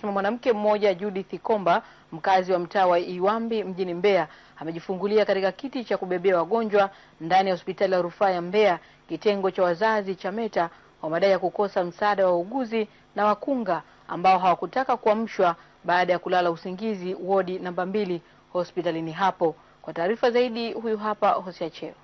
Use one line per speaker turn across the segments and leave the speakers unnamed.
Sema mwanamke mmoja Judith Komba mkazi wa mtaa wa Iwambi mjini Mbeya amejifungulia katika kiti cha kubebea wagonjwa ndani ya hospitali ya rufaa ya Mbeya kitengo cha wazazi cha Meta kwa madai ya kukosa msaada wa wauguzi na wakunga ambao hawakutaka kuamshwa baada ya kulala usingizi wodi namba mbili hospitalini hapo. Kwa taarifa zaidi, huyu hapa Hosia Cheo.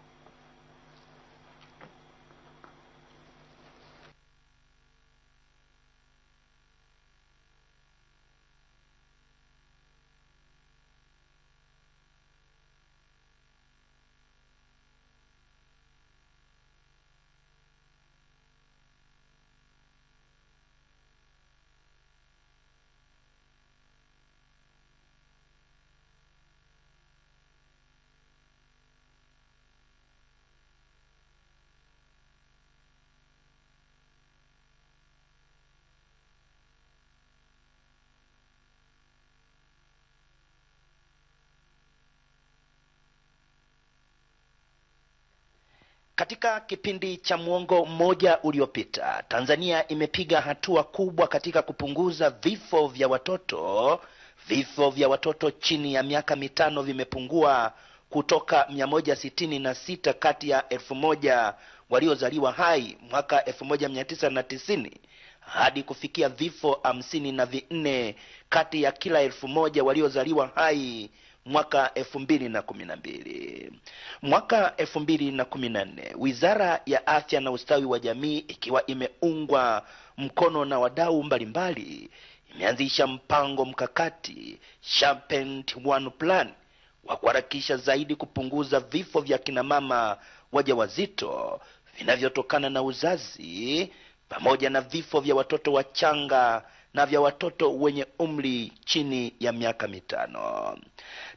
Katika kipindi cha mwongo mmoja uliopita, Tanzania imepiga hatua kubwa katika kupunguza vifo vya watoto. Vifo vya watoto chini ya miaka mitano vimepungua kutoka 166 kati ya elfu waliozaliwa hai mwaka 1990 hadi kufikia vifo hamsini na vinne kati ya kila elfu moja waliozaliwa hai mwaka mbili. Mwaka nne Wizara ya Afya na Ustawi wa Jamii ikiwa imeungwa mkono na wadau mbalimbali imeanzisha mpango mkakati Sharpent One Plan wa kuharakisha zaidi kupunguza vifo vya kinamama wajawazito vinavyotokana na uzazi pamoja na vifo vya watoto wachanga na vya watoto wenye umri chini ya miaka mitano.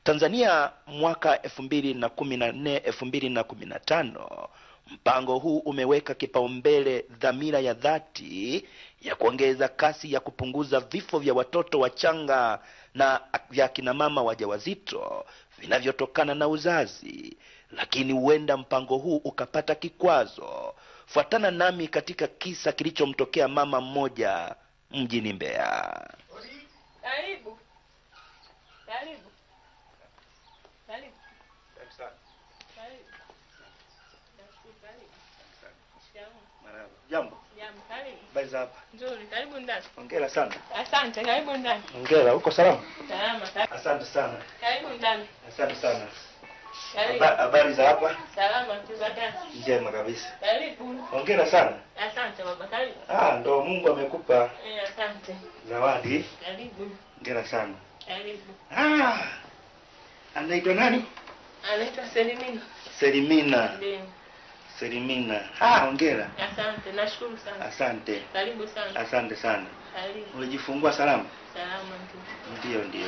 Tanzania mwaka 2014 2015, mpango huu umeweka kipaumbele dhamira ya dhati ya kuongeza kasi ya kupunguza vifo vya watoto wachanga na vya kina mama wajawazito vinavyotokana na uzazi, lakini huenda mpango huu ukapata kikwazo. Fuatana nami katika kisa kilichomtokea mama mmoja mjini Mbeya.
Karibu. Karibu. Jambo. Jambo.
Karibu.
Nzuri. Karibu ndani. Hongera sana. Asante. Karibu ndani.
Hongera. Uko salama? Salama. Asante sana.
Karibu ndani.
Asante sana. Habari za hapa? Salama tu njema kabisa. Karibu. Hongera sana.
Asante baba, karibu.
Ah, ndo Mungu amekupa.
Eh, asante. Zawadi. Karibu. Hongera sana. Karibu.
Ah. Anaitwa nani?
Anaitwa Selimina.
Selimina. Ndiyo. Selimina. Ah, hongera.
Asante, nashukuru sana. Asante. Karibu sana.
Asante sana. Ulijifungua salama?
Salama tu.
Ndio, ndio.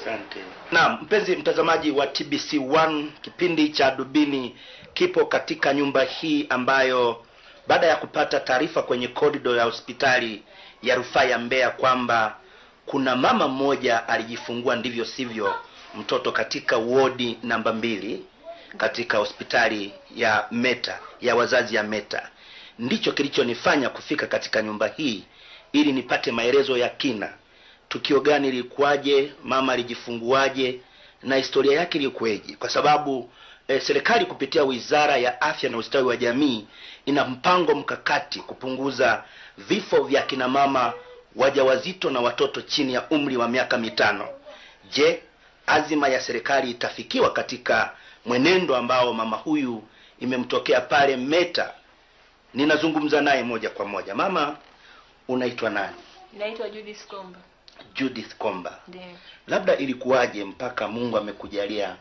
Asante.
Naam, mpenzi mtazamaji wa TBC1, kipindi cha Dubini kipo katika nyumba hii ambayo baada ya kupata taarifa kwenye korido ya hospitali ya rufaa ya Mbeya kwamba kuna mama mmoja alijifungua ndivyo sivyo mtoto katika wodi namba mbili katika hospitali ya Meta ya wazazi ya Meta, ndicho kilichonifanya kufika katika nyumba hii ili nipate maelezo ya kina. Tukio gani lilikuwaje? Mama alijifunguaje? na historia yake ilikuwaje? Kwa sababu e, serikali kupitia Wizara ya Afya na Ustawi wa Jamii ina mpango mkakati kupunguza vifo vya kina mama wajawazito na watoto chini ya umri wa miaka mitano. Je, azima ya serikali itafikiwa katika mwenendo ambao mama huyu imemtokea pale Meta? Ninazungumza naye moja kwa moja. Mama Unaitwa nani?
Naitwa Judith Komba.
Judith Komba. Ndiyo. Labda ilikuwaje mpaka Mungu amekujalia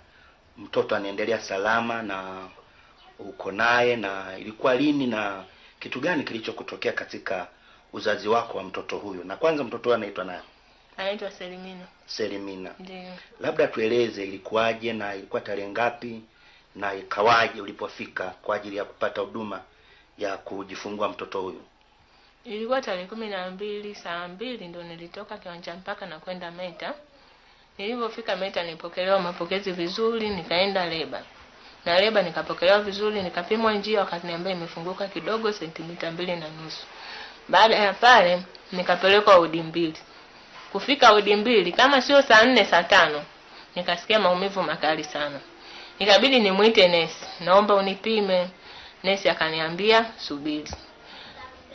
mtoto anaendelea salama na uko naye, na ilikuwa lini na kitu gani kilichokutokea katika uzazi wako wa mtoto huyo? Na kwanza mtoto huyo anaitwa nani?
Anaitwa Selimina.
Selimina. Ndiyo. Labda tueleze ilikuwaje na ilikuwa tarehe ngapi na ikawaje ulipofika kwa ajili ya kupata huduma ya kujifungua mtoto huyu?
Ilikuwa tarehe kumi na mbili saa mbili ndo nilitoka Kiwanja Mpaka na kwenda Meta. Nilipofika Meta nilipokelewa mapokezi vizuri, nikaenda leba na leba nikapokelewa vizuri, nikapimwa njia, wakaniambia imefunguka kidogo sentimita mbili na nusu. Baada ya pale nikapelekwa udi mbili. Kufika udi mbili kama sio saa nne saa tano nikasikia maumivu makali sana, ikabidi nimwite nesi, naomba unipime. Nesi akaniambia subiri.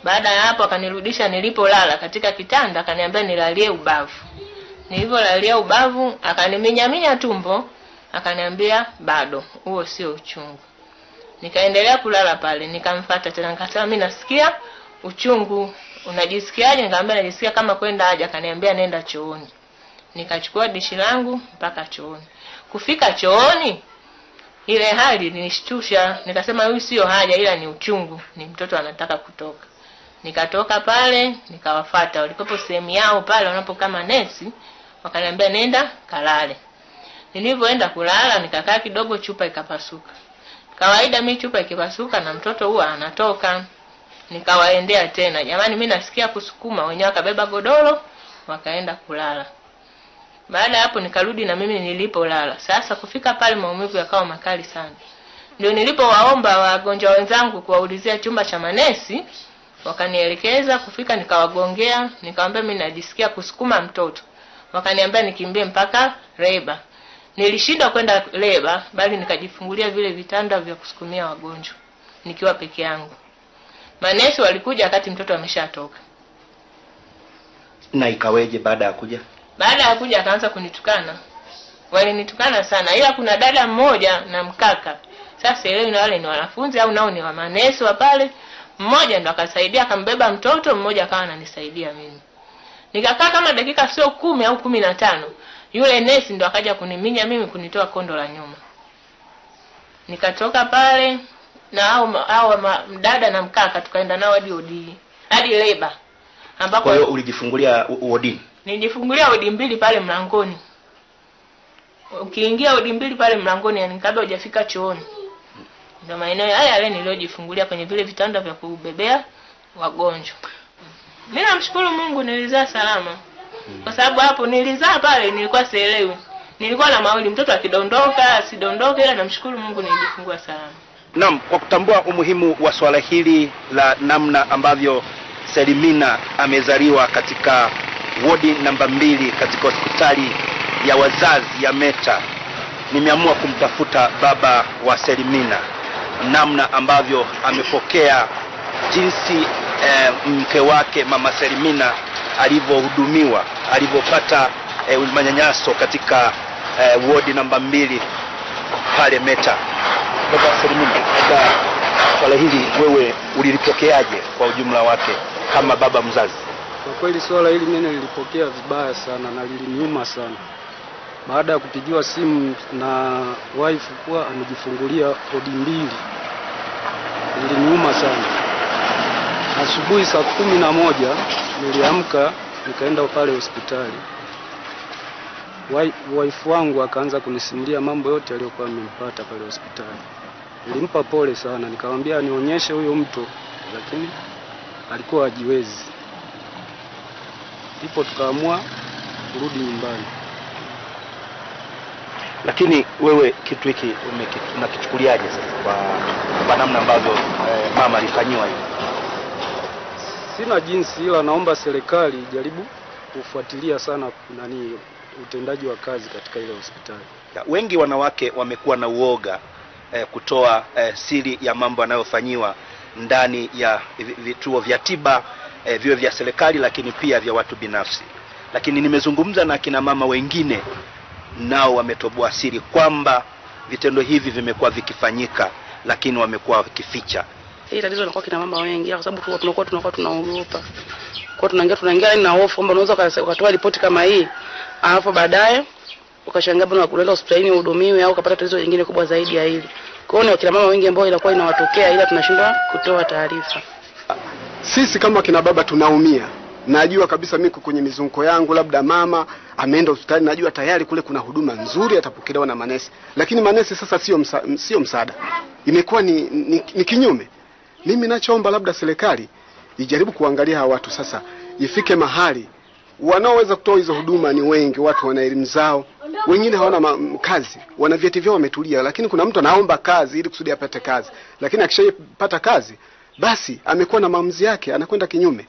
Baada ya hapo akanirudisha nilipolala katika kitanda, akaniambia nilalie ubavu. Nilivyolalia ubavu akaniminyaminya tumbo, akaniambia bado, huo sio uchungu. Nikaendelea kulala pale, nikamfuata tena, nikasema mimi nasikia uchungu, unajisikiaje? Nikamwambia najisikia kama kwenda haja. Akaniambia nenda chooni. Nikachukua dishi langu mpaka chooni. Kufika chooni ile hali nilishtusha, nikasema huyu sio haja, ila ni uchungu, ni mtoto anataka kutoka. Nikatoka pale nikawafata, walikopo sehemu yao pale wanapokaa manesi, wakaniambia nenda kalale. Nilivyoenda kulala nikakaa kidogo, chupa ikapasuka. Kawaida mi chupa ikipasuka na mtoto huwa anatoka. Nikawaendea tena, jamani, mi nasikia kusukuma. Wenyewe wakabeba godoro wakaenda kulala. Baada ya hapo nikarudi na mimi nilipolala. Sasa kufika pale maumivu yakawa makali sana, ndio nilipowaomba wagonjwa wenzangu kuwaulizia chumba cha manesi wakanielekeza kufika, nikawagongea, nikamwambia mimi najisikia kusukuma mtoto, wakaniambia nikimbie mpaka leba. Nilishindwa kwenda leba, bali nikajifungulia vile vitanda vya kusukumia wagonjwa nikiwa peke yangu. Manesi walikuja wakati mtoto ameshatoka.
Na ikaweje baada ya kuja?
Baada ya kuja akaanza kunitukana, walinitukana sana, ila kuna dada mmoja na mkaka, sasa elewi na wale ni wanafunzi au nao ni wamanesi wa pale mmoja ndo akasaidia akambeba mtoto mmoja akawa ananisaidia mimi nikakaa kama dakika sio kumi au kumi na tano yule nesi ndo akaja kuniminya mimi kunitoa kondo la nyuma nikatoka pale na au, au ma, mdada na mkaka tukaenda nao hadi odi e, hadi leba
ambapo kwa hiyo ulijifungulia wodi e?
nilijifungulia wodi e mbili pale mlangoni ukiingia wodi mbili pale mlangoni yani kabla hujafika chooni ndio maeneo haya yale niliyojifungulia kwenye vile vitanda vya kubebea wagonjwa. Mimi namshukuru Mungu nilizaa salama. Kwa sababu hapo nilizaa pale nilikuwa sielewi. Nilikuwa na mawili mtoto akidondoka, asidondoke ila namshukuru Mungu nilijifungua salama.
Naam, kwa kutambua umuhimu wa swala hili la namna ambavyo Selimina amezaliwa katika wodi namba mbili katika hospitali ya wazazi ya Meta, nimeamua kumtafuta baba wa Selimina namna ambavyo amepokea jinsi eh, mke wake mama Selimina alivyohudumiwa, alivyopata eh, manyanyaso katika eh, wodi namba mbili pale Meta. Baba Selimina, swala hili wewe ulilipokeaje kwa ujumla wake kama baba mzazi?
Kwa kweli swala hili mimi nilipokea vibaya sana na liliniuma sana baada ya kupigiwa simu na wife kuwa amejifungulia odi mbili. Iliniuma sana. Asubuhi saa kumi na moja niliamka nikaenda pale hospitali, wife wangu akaanza kunisimulia mambo yote aliyokuwa amempata pale hospitali. Nilimpa pole sana, nikamwambia nionyeshe huyo mto, lakini alikuwa hajiwezi, ndipo tukaamua kurudi nyumbani.
Lakini wewe kitu hiki unakichukuliaje sasa kwa, kwa namna ambavyo eh, mama alifanyiwa hivi?
Sina jinsi, ila naomba serikali ijaribu kufuatilia sana nani utendaji wa kazi katika ile hospitali.
Wengi wanawake wamekuwa na uoga eh, kutoa eh, siri ya mambo yanayofanyiwa ndani ya vituo vya tiba eh, viwe vya serikali, lakini pia vya watu binafsi. Lakini nimezungumza na kina mama wengine nao wametoboa siri kwamba vitendo hivi vimekuwa vikifanyika, lakini wamekuwa wakificha.
Hii tatizo linakuwa kina mama wengi, kwa sababu tunakuwa tunakuwa tunaogopa kwa tunaingia tunaingia na hofu kwamba unaweza ukatoa ripoti kama hii, alafu baadaye ukashangaa bwana unaenda hospitalini uhudumiwe au ukapata tatizo lingine kubwa zaidi ya hili. Kwa hiyo ni wakina mama wengi ambao inakuwa inawatokea, ila tunashindwa kutoa taarifa.
Sisi kama kina baba tunaumia najua kabisa mimi kwenye mizunguko yangu, labda mama ameenda hospitali, najua tayari kule kuna huduma nzuri, atapokelewa na manesi. Lakini manesi sasa sio msa, msaada, imekuwa ni, ni, ni kinyume. Mimi nachoomba labda serikali ijaribu kuangalia hawa watu sasa, ifike mahali wanaoweza kutoa hizo huduma ni wengi, watu wana elimu zao, wengine hawana kazi, wana vyeti vyao wametulia, lakini kuna mtu anaomba kazi ili kusudi apate kazi, lakini akishaipata kazi basi amekuwa na maamuzi yake, anakwenda kinyume.